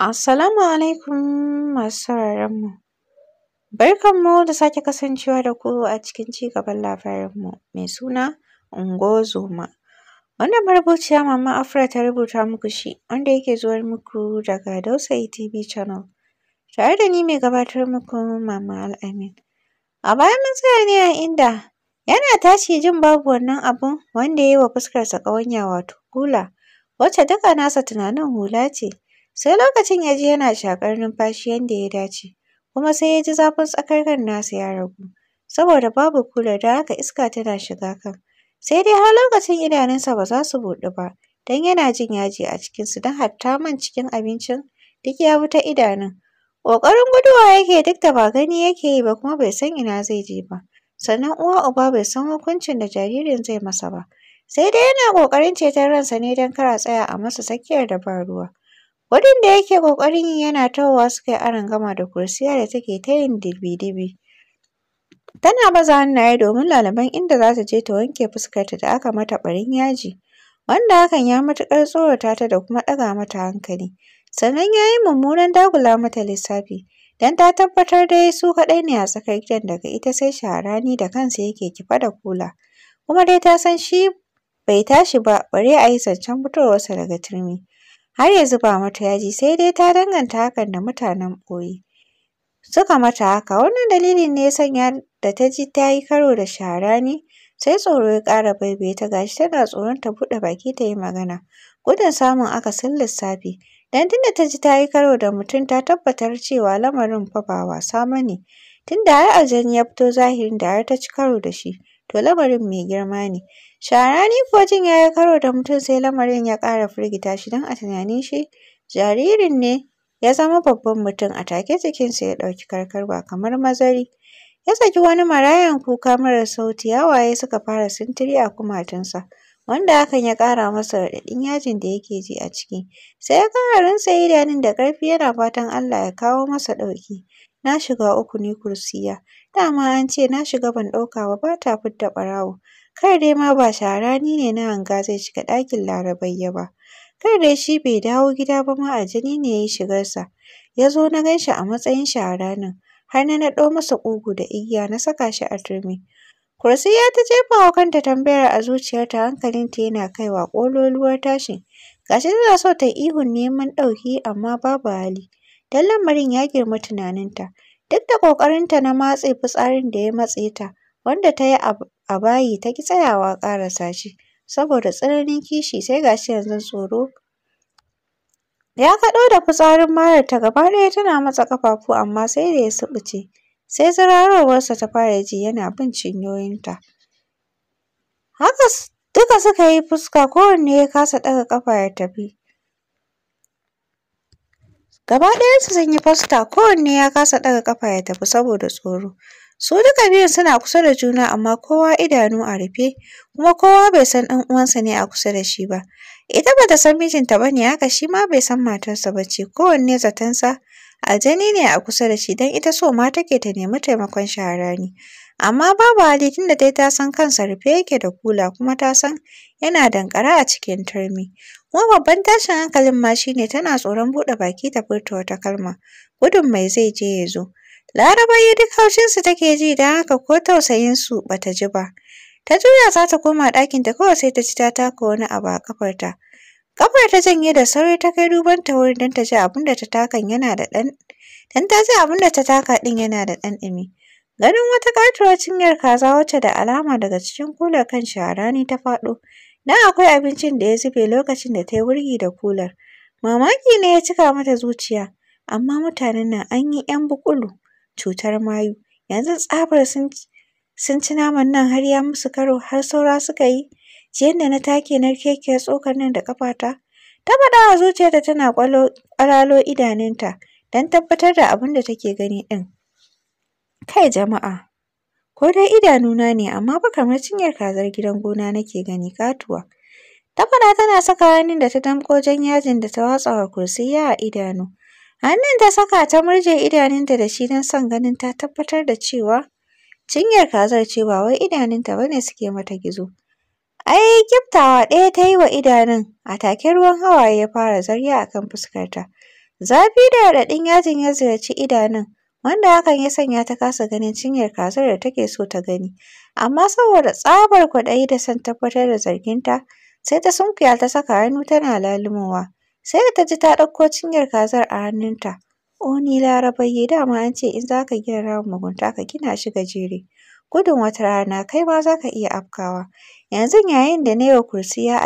Assalamu alaikum masu sauraron mu. Barkan mu da sake kasancewa da ku a cikin ci gaban labarin mu mai suna ungozoma. Wannan marubuciya Mama Afra ta rubuta muku shi wanda yake zuwar muku daga Dausayi TV Channel. Tare da ni mai gabatar muku Mama Al-Amin. A baya mun tsaya ne a inda yana tashi jin babu wannan abun wanda ya yi wa fuskarsa ƙawanya wato hula wacce duka nasa tunanin hula ce. Sai lokacin ya ji yana shakar numfashi yadda ya dace, kuma sai ya ji zafin tsakar kan nasa ya ragu, saboda babu kular don haka iska tana shiga kan. Sai dai har lokacin idanunsa ba za su buɗu ba, don yana jin yaji a cikinsu don hatta man cikin abincin duk ya bi ta idanun. Ƙoƙarin guduwa yake duk da ba gani yake yi ba kuma bai san ina zai je ba. Sannan uwa uba bai san hukuncin da jaririn zai masa ba. Sai dai yana ƙoƙarin ceton ransa ne don kar a tsaya a masa tsakiyar da ba ruwa. Wadin da yake kokarin yi yana tahowa suka yi gama da kursiya da take ta yin dibi-dibi. Tana baza hannaye domin lalaban inda za ta je ta wanke fuskarta da aka mata ɓarin yaji, wanda hakan ya matuƙar tsorata ta da kuma ɗaga mata hankali. Sannan ya yi mummunan dagula mata lissafi, don ta tabbatar dai su kaɗai ne a tsakar gidan daga ita sai shaharani da kansa yake kife da kula. Kuma dai ta san shi bai tashi ba bare a yi zancen fitowarsa daga turmi. har ya zuba mata yaji sai dai ta danganta hakan da mutanen ɓoye. Suka mata haka wannan dalilin ne ya sanya da ta ji ta yi karo da shara ne sai tsoro ya ƙara baibaye ta gashi tana tsoron ta buɗe baki ta yi magana gudun samun akasin lissafi. Don tunda ta ji ta yi karo da mutum ta tabbatar cewa lamarin fa ba wasa ba ne. Tunda har aljani ya fito zahirin da har ta ci karo da shi to lamarin mai girma ne. Sharani kuwa ya yi karo da mutum sai lamarin ya ƙara firgita shi don a tunanin shi jaririn ne ya zama babban mutum a take jikinsa ya ɗauki karkarwa, kamar mazari. Ya saki wani marayan kuka marar sauti hawaye suka fara sintiri a kumatunsa wanda hakan ya ƙara masa raɗaɗin yajin da yake ji a ciki. Sai ya ƙara rinsa idanun da ƙarfi yana fatan Allah ya kawo masa ɗauki. Na shiga uku ni kursiya, dama an ce na shiga ban ɗauka ba ba ta fidda ɓarawo. kar dai ma ba sharani ne na hanga zai shiga ɗakin Larabayya ba. Kar dai shi bai dawo gida ba ma a jini ne ya yi shigarsa. Ya zo na gan shi a matsayin shaharanin, har na naɗo masa ƙugu da igiya na saka shi a turmi. Kursiya ta jefa wa kanta tambayar a zuciyarta hankalinta yana kaiwa ƙololuwar tashin. Gashi tana so ta yi ihun neman ɗauki amma babu hali. Don lamarin ya girma tunaninta. Duk da ƙoƙarinta na matse fitsarin da ya matse ta, wanda ta yi a a bayi ta ƙi tsayawa ƙarasa shi saboda tsananin kishi sai ga shi yanzu tsoro ya kaɗo da fitsarin marar ta gaba ɗaya tana matsa ƙafafu amma sai da ya suɓuce sai zirarowarsa ta fara ji yana bin cinyoyinta haka duka suka yi fuska kowanne ya kasa ɗaga ƙafa ya tafi gaba ɗayansu sun yi fasta kowanne ya kasa ɗaga ƙafa ya tafi saboda tsoro Su duka biyun suna kusa da juna amma kowa idanu a rufe, kuma kowa bai san ɗan uwansa ne a kusa da shi ba. Ita bata san mijinta ba ne haka shi ma bai san matarsa ba ce, kowanne zatonsa aljani ne a kusa da shi don ita so ma take ta nemi taimakon shahara Amma babu hali tunda dai ta san kansa rufe yake da kula kuma ta san yana danƙare a cikin turmi. Kuma babban tashin hankalin ma shi ne tana tsoron buɗe baki ta furta wata kalma, gudun mai zai je ya zo. Larabai duk haushinsu take ji don haka ko tausayinsu ba ta ji ba. Ta juya za ta koma ɗakinta kawai sai ta ci ta taka wani abu a ƙafarta. Ƙafar ta janye da sauri ta kai duban ta wuri don ta ji abin da ta taka yana da ɗan don ta ji abin da ta taka ɗin yana da ɗan ɗumi. Ganin wata ƙatuwar cinyar kaza wacce da alama daga cikin kular kan shara ne ta faɗo. Dan akwai abincin da ya zube lokacin da ta yi wurgi da kular. Mamaki ne ya cika mata zuciya, amma mutanen nan an yi ‘yan bukulu. cutar mayu yanzu tsabar sun sun ci naman nan har ya musu karo har saura suka yi jiyan da na take na narkekiyar tsokar nan da ƙafata ta faɗa wa zuciyarta tana ƙwalalo idanunta don tabbatar da abin da take gani ɗin kai jama'a ko dai idanuna ne amma ba kamar cinyar kazar gidan gona nake gani katuwa ta faɗa tana saka hannun da ta damƙo jan yajin da ta watsa wa a idanu Hannun ta saka ta murje idanunta da shi don son ganin ta tabbatar da cewa cinyar kazar ce ba wai idanunta ba ne suke mata gizo. Ai kiftawa ɗaya ta yi wa idanun, a take ruwan hawaye ya fara zarya a kan fuskarta. Zafi da raɗaɗin yajin ya ziyarci idanun, wanda hakan ya sanya ta kasa ganin cinyar kazar da take so ta gani. Amma saboda tsabar kwaɗayi da son tabbatar da zarginta, sai ta sunkuya ta saka hannu tana lalumowa. sai da ta ji ta ɗauko cinyar kazar a hannunta. O ni larabayye dama an ce in za ka gina ramin mugunta ka gina shi gajere. Gudun wata rana kai ma za ka iya afkawa. Yanzu yayin da na yi wa kursiya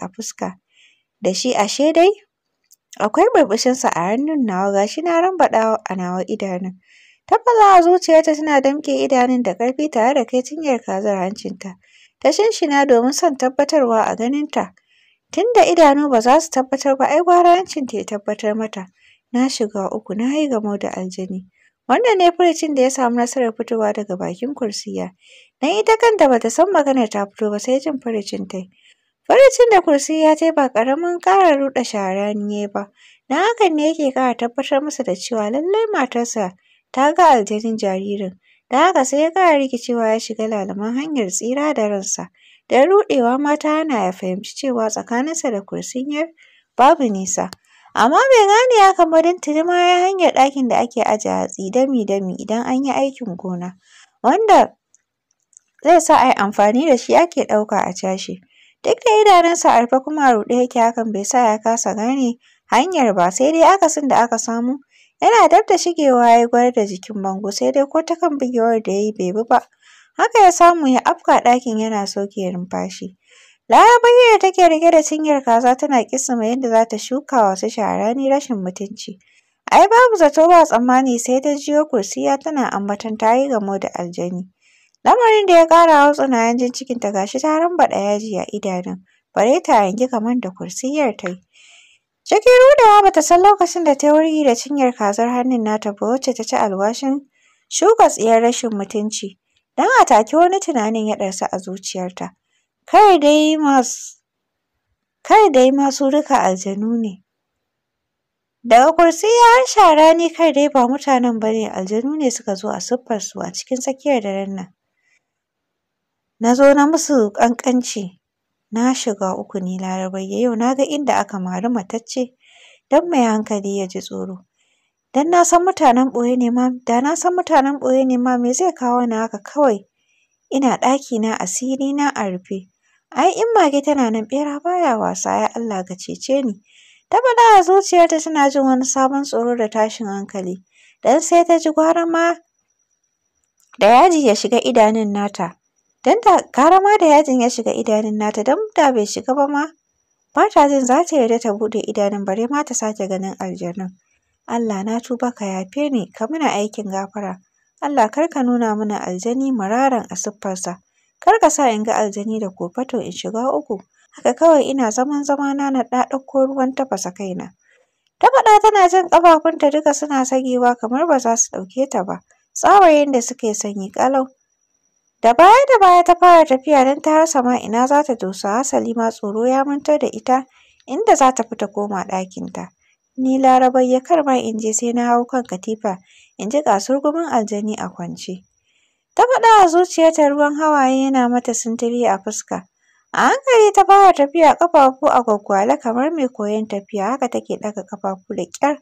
a fuska da shi ashe dai akwai burbushinsa a hannun nawa ga shi na rambaɗa a nawa idanun. Ta a zuciyarta tana damƙe idanun da ƙarfi tare da kai cinyar kazar hancinta. Ta shinshina domin son tabbatarwa a ganinta. Tun da idanu ba za su tabbatar ba ai gwara hancinta ya tabbatar mata. Na shiga uku na yi gamo da aljani. Wannan ne furucin da ya samu nasarar fitowa daga bakin kursiya. Dan ita kanta bata san maganar ta fito ba sai jin furucin ta yi. Furucin da kursiya ta yi ba ƙaramin ƙara ruɗe ne ba. Na hakan ne yake ƙara tabbatar masa da cewa lallai matarsa ta ga aljanin jaririn. Da haka sai ya ƙara rikicewa ya shiga lalaman hanyar tsira da ransa. Da ruɗewa ma ta ya fahimci cewa tsakaninsa da kursiyyar babu nisa. Amma bai gane ya kan don tuni ma ya hanyar ɗakin da ake aje hatsi dami-dami idan an yi aikin gona, wanda zai sa a yi amfani da shi ake ɗauka a cashe. Duk da idanunsa a rufe kuma a ruɗe yake hakan bai sa ya kasa gane hanyar ba, sai dai aka akasin da aka samu. Yana dab da shigewa ya yi da jikin bango sai dai ko ta kan bugewar da ya yi bai bi ba. Haka ya samu ya afka ɗakin yana sauke numfashi. Larabayyar da take rike da cinyar kaza tana kisima yadda za ta shuka wasu shara rashin mutunci. Ai babu zato ba tsammani sai ta jiyo kursiya tana ambaton ta yi gamo da aljani. Lamarin da ya ƙara hautsina hanjin cikinta ga shi ta rambaɗa yaji a idanun. Bare ta hangi kamar da kursiyar ta yi. Cikin rudawa ba ta san lokacin da ta yi wurgi da cinyar kazar hannun nata ba wacce ta ci alwashin shuka tsiyar rashin mutunci. don a take wani tunanin ya ɗarsu a zuciyarta. Kar dai masu kai dai masu duka aljanu ne. Daga kursiya har shara ne kai dai ba mutanen ba ne aljanu ne suka zo a siffar su a cikin tsakiyar daren nan. Na zo na musu ƙanƙanci na shiga uku ni Larabai yau na ga inda aka mari matacce don mai hankali ya ji tsoro. Dan na san mutanen ɓoye ne ma, da na san mutanen ɓoye ne ma me zai kawo ni haka kawai? Ina ɗakina asiri na a rufe. Ai in mage tana nan ɓera baya wasa ya Allah ka cece ni. Ta bada a zuciyarta tana jin wani sabon tsoro da tashin hankali. Dan sai ta ji gwara ma da yaji ya shiga idanun nata. Dan da gara ma da yajin ya shiga idanun nata dan da bai shiga ba ma ba ta jin za ta yarda ta buɗe idanun bare ma ta sake ganin aljanun. Allah na tuba ka yafe ni ka mana aikin gafara. Allah kar ka nuna mana aljani mararan a siffarsa. Kar ka sa in ga aljani da kofato in shiga uku. Haka kawai ina zaman zama na ɗa ɗauko ruwan tafasa kaina. Ta faɗa tana jin ƙafafunta duka suna sagewa kamar ba za su ɗauke ta ba. Tsawayen da suke sanyi ƙalau. Da baya da baya ta fara tafiya don ta rasa ma ina za ta dosa hasali ma tsoro ya manta da ita inda za ta fi ta koma ɗakinta. Ni Larabai ya kar ma in je sai na hau kan katifa in ji kasurgumin aljani a kwance. Ta faɗa a zuciyarta ruwan hawaye yana mata sintiri a fuska. A hankali ta fara tafiya ƙafafu a gwaggwale kamar mai koyon tafiya haka take ɗaga ƙafafu da ƙyar.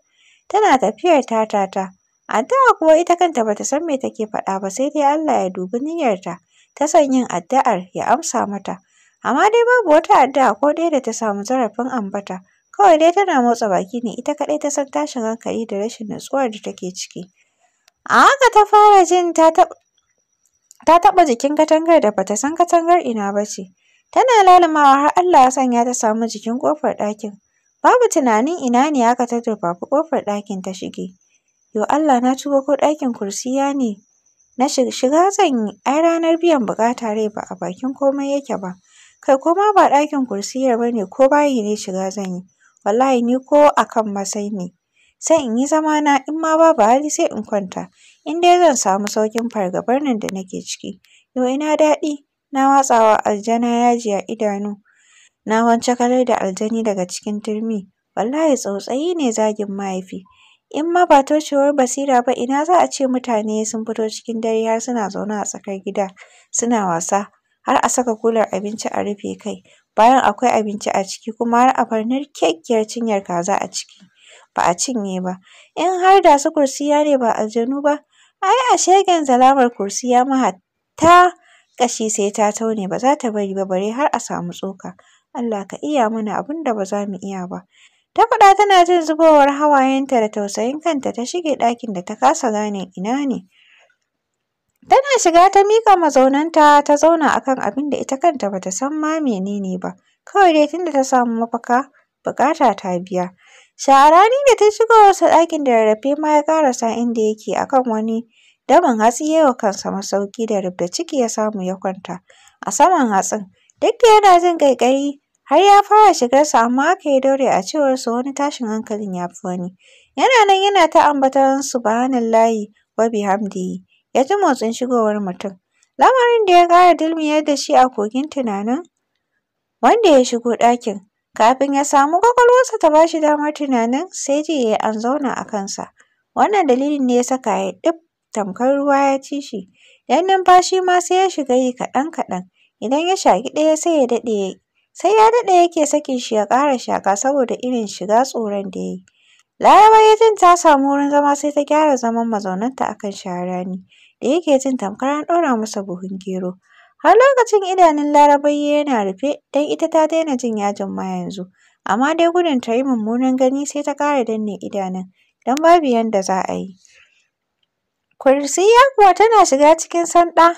Tana tafiyar ta tatata. Addu'a kuwa ita kanta bata san me take faɗa ba sai dai Allah ya dubi niyyarta ta san yin addu'ar ya amsa mata. Amma dai babu wata addu'a ko ɗaya da ta samu zarafin ambata. Kawai dai tana motsa baki ne ita kaɗai ta san tashin hankali da rashin natsuwar da take ciki. A haka ta fara jin ta taɓa jikin katangar da bata san katangar ina ba ce. Tana lalumawa har Allah ya sanya ta samu jikin ƙofar ɗakin. Babu tunanin ina ne haka ta durfafi ƙofar ɗakin ta shige. Yau Allah na tuba ko ɗakin kursiya ne. Na shiga zan yi, ai ranar biyan buƙata rai ba a bakin komai yake ba. Kai ko ma ba ɗakin kursiyar ba ne ko bayi ne shiga zan yi. wallahi ni ko a kan masai ne sai in yi zamana in ma babu hali sai in kwanta in dai zan samu sauƙin fargabar nan da nake ciki Yau ina daɗi na watsawa aljana yaji a idanu na kalar da aljani daga cikin turmi wallahi tsautsayi ne zagin mahaifi in ma ba toshewar basira ba ina za a ce mutane sun fito cikin dare har suna zaune a tsakar gida suna wasa har a saka kular abinci a rufe kai bayan akwai abinci a ciki kuma har a farnar kyakkyar cinyar kaza a ciki ba a cinye ba in har da su kursiya ne ba a aljanu ba ai a shegen zalamar kursiya ma hatta ƙashi sai ta taune ba za ta bari ba bare har a samu tsoka Allah ka iya mana abin da ba za mu iya ba ta faɗa tana jin zubowar hawayenta da tausayin kanta ta shige ɗakin da ta kasa gane ina ne Tana shiga ta mika mazaunanta ta zauna akan abin da ita kanta ba ta san ma menene ba. Kawai dai tunda ta samu mafaka, bukata ta biya. Sha'arani da ta shigo wasu ɗakin da rarrafe ma ya ƙarasa inda yake akan wani damin hatsi ya yi wa kansa masauki da rubda ciki ya samu ya kwanta a saman hatsin. Duk da yana jin ƙaiƙayi har ya fara shigarsa amma aka yi daure a cewarsa wani tashin hankalin ya fi wani. Yana nan yana ta ambaton subhanallahi wa bihamdihi. ya ji motsin shigowar mutum. Lamarin da ya ƙara dulmuyar da shi a kogin tunanin wanda ya shigo ɗakin. Kafin ya samu ƙwaƙwalwarsa ta ba shi damar tunanin sai ji ya yi an zauna a kansa. Wannan dalilin ne ya saka ya yi ɗif tamkar ruwa ya ci shi. Yan numfashi ma sai ya shiga yi kaɗan-kaɗan. Idan ya shaƙi ɗaya sai ya daɗe sai ya daɗe yake sakin shi ya ƙara shaƙa saboda irin shiga tsoron da ya yi. Laraba ya jin ta samu wurin zama sai ta gyara zaman mazaunanta a kan rani da yake jin tamkar an ɗora masa buhun gero. Har lokacin idanun Larabaiya yana rufe don ita ta daina jin yajin ma yanzu. Amma dai gudun ta yi mummunan gani sai ta ƙara danne idanun don babu yanda za a yi. Kursiya kuwa tana shiga cikin sanda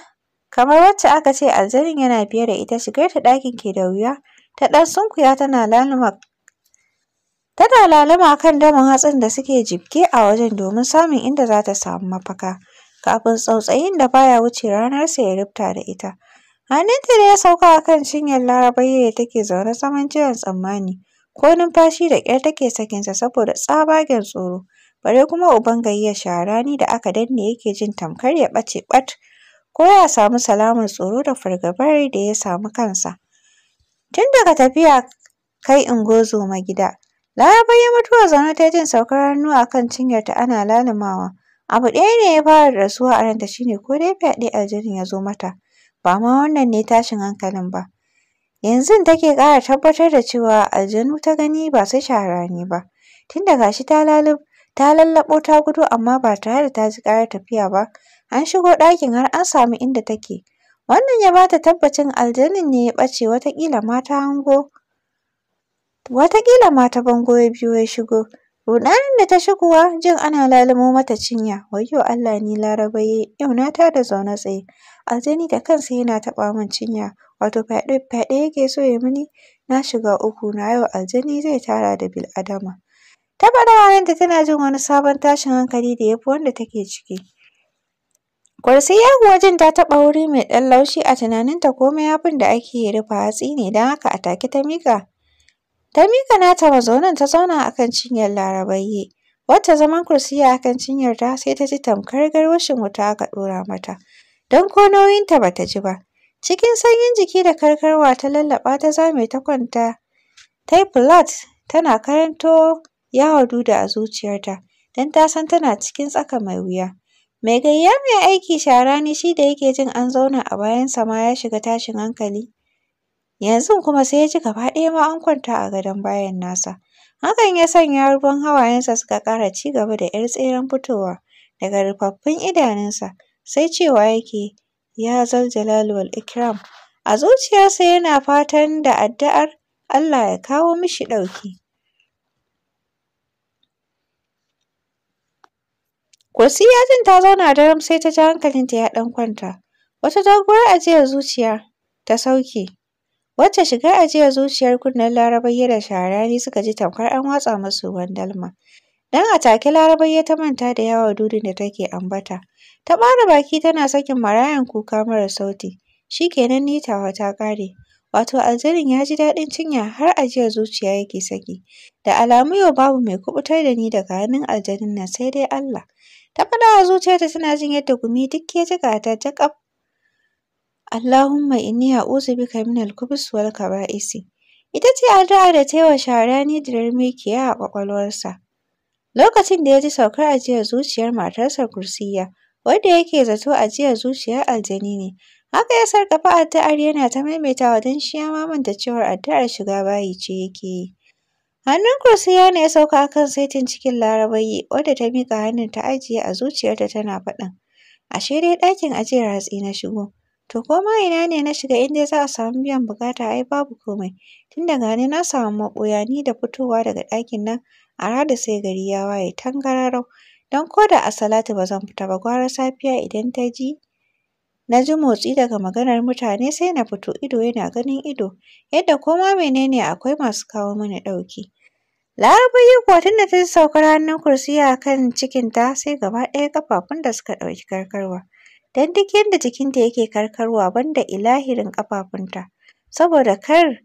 kamar wacce aka ce aljanin yana biye da ita shigar ta ɗakin ke da wuya. Ta ɗan sunkuya tana laluma tana laluma kan damin hatsin da suke jibge a wajen domin samun inda za ta samu mafaka. kafin tsautsayin da baya wuce ranarsa ya rifta da ita. Hannunta da ya sauka a kan cinyar Larabaiyya da take zaune zaman jiran tsammani, ko numfashi da ƙyar take sakinsa saboda tsabagen tsoro, bare kuma uban sha sharani da aka danne yake jin tamkar ya ɓace ɓat, ko ya samu salamar tsoro da fargabar da ya samu kansa. Tun daga tafiya kai ungozoma gida, ya mutuwar zaune ta jin saukar hannu a kan ta ana lalumawa, Abu ɗaya ne ya fara rasuwa a ranta shi ne ko dai fyaɗe aljanin ya zo mata, ba ma wannan ne tashin hankalin ba. Yanzun take ƙara tabbatar da cewa aljanu ta gani ba shahara ne ba, tunda ga shi ta lallaɓo ta gudu amma ba tare da ta ji ƙarar tafiya ba, an shigo ɗakin har an samu inda take. Wannan ya ba ta tabbacin aljanin ne ya ɓace wataƙila ma ta hango wataƙila ma ta bango ya biyo ya shigo. Rudanin da ta shi kuwa jin ana lalumo mata cinya, wayyo Allah ni larabaye, yau na tada zaune tsaye. Aljani da kansa yana taɓa min cinya, wato fyaɗe fyaɗe yake so ya mini. Na shiga uku na yau aljani zai tara da bil'adama. Ta faɗa wa tana jin wani sabon tashin hankali da yafi wanda take ciki. Kwarsiya kuwa jin ta taɓa wuri mai ɗan laushi a tunaninta komai abin da ake rufe hatsi ne don haka a take ta miƙa Ta miƙa nata mazaunin ta zauna a kan cinyar Larabayye. Wata zaman kursiya a kan ta sai ta ji tamkar garwashin wuta aka ɗora mata. Don ko nauyinta ba ta ji ba. Cikin sanyin jiki da karkarwa ta lallaɓa ta zame ta kwanta. Ta yi flat tana karanto ya yawan duda a zuciyarta. Don ta san tana cikin tsaka mai wuya. Mai gayya mai aiki shara ne shi da yake jin an zauna a bayansa ma ya shiga tashin hankali. Yanzu kuma sai ya ji gaba ɗaya ma an kwanta a gadon bayan nasa. Hakan ya sanya ruwan hawayensa suka ƙara ci gaba da ‘yar tseren fitowa daga rufaffun idanunsa, sai cewa yake ya zal ikram. A zuciyarsa yana fatan da addu'ar Allah ya kawo mishi ɗauki. jin ta zauna daram sai ta ji hankalinta ya ɗan kwanta. Wata doguwar ajiyar zuciya ta sauke wacce shigar ajiyar zuciyar kunnen Larabaiya da shahararri suka ji tamkar an watsa masu ruwan dalma. Dan a take ya ta manta da yawa durin da take ambata. Ta ɓare baki tana sakin marayan kuka mara sauti. Shi kenan ni tawa ta ƙare. Wato aljanin ya ji daɗin cinya har ajiyar zuciya yake saki. Da alamu yau babu mai kuɓutar da ni daga hannun aljanin na, sai dai Allah. Ta faɗa zuciyarta tana jin yadda gumi duk ya jiƙata ta Allahumma inni a'udhu bika minal khubus wal kaba'isi. Ita ce addu'a da ta yi wa Sharani dirmikiya a ƙwaƙwalwarsa. Lokacin da ya ji saukar ajiyar zuciyar matarsa Kursiya, wanda yake zato ajiyar zuciyar aljani ne, haka ya sarƙafa addu'ar yana ta maimaitawa don shi ya mamanta manta cewar addu'ar shiga bayi ce yake yi. Hannun Kursiya ne ya sauka a kan saitin cikin Larabayi, wadda ta miƙa hannun ta ajiye a zuciyarta tana faɗin, ashe dai ɗakin ajiyar hatsi na shigo. To koma ina ne na shiga in dai za a samu biyan buƙata ai babu komai, tunda daga ni na samu maɓoya ni da fitowa daga ɗakin nan a rada sai gari ya waye tangararau. Don ko da a salati ba zan fita ba gwara safiya idan ta ji na ji motsi daga maganar mutane sai na fito ido yana ganin ido, yadda koma mene ne akwai masu kawo mana ɗauki. Larabaiya kuwa tunda ta ji saukar hannun kursiyi a kan cikinta sai gaba ɗaya ƙafafun da suka ɗauki karkarwa. don duk yadda jikinta yake karkarwa banda ilahirin kafafunta, saboda kar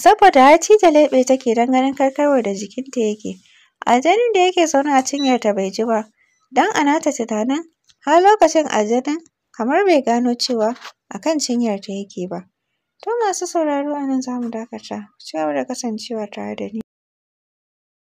saboda har da leɓe take don ganin karkarwar da jikinta yake aljanin da yake zaune a cinyarta bai ji ba don a nata tunanin har lokacin aljanin kamar bai gano cewa a kan cinyarta yake ba to masu sauraro a nan za mu dakata ku ci gaba da kasancewa tare da ni